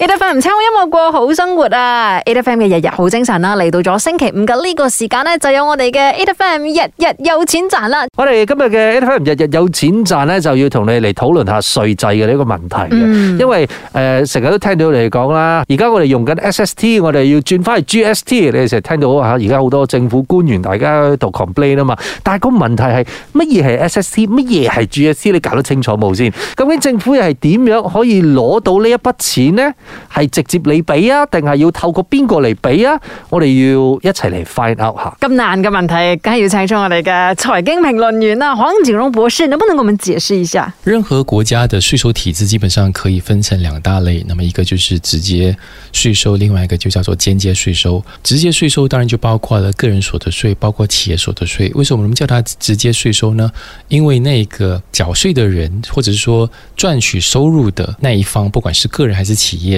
A T F M 唔抽音樂過好生活啊！A T F M 嘅日日好精神啦，嚟到咗星期五嘅呢個時間咧，就有我哋嘅 A T F M 日日有錢賺啦！我哋今日嘅 A T F M 日日有錢賺咧，就要同你嚟討論下稅制嘅呢個問題嘅，因為誒成日都聽到你哋講啦，而家我哋用緊 S S T，我哋要轉翻去 G S T，你哋成日聽到吓，而家好多政府官員大家度 complain 啊嘛，但係個問題係乜嘢係 S S T，乜嘢係 G S T，你搞得清楚冇先？究竟政府又係點樣可以攞到呢一筆錢呢？係直接你俾啊，定係要透過邊個嚟俾啊？我哋要一齊嚟 find out 下。咁難嘅問題，梗係要請出我哋嘅財經評論員啊，黃錦榮博士，能不能給我們解釋一下？任何國家的稅收體制基本上可以分成兩大類，那麼一個就是直接稅收，另外一個就叫做間接稅收。直接稅收當然就包括了個人所得稅，包括企業所得稅。為什麼我們叫它直接稅收呢？因為那個繳稅的人，或者是說賺取收入的那一方，不管是個人還是企業。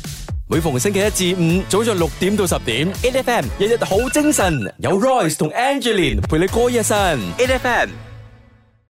每逢星期一至五，早上六點到十點 Ai FM 日日好精神，有 Royce 同 Angeline 陪你過一晨 Ai FM。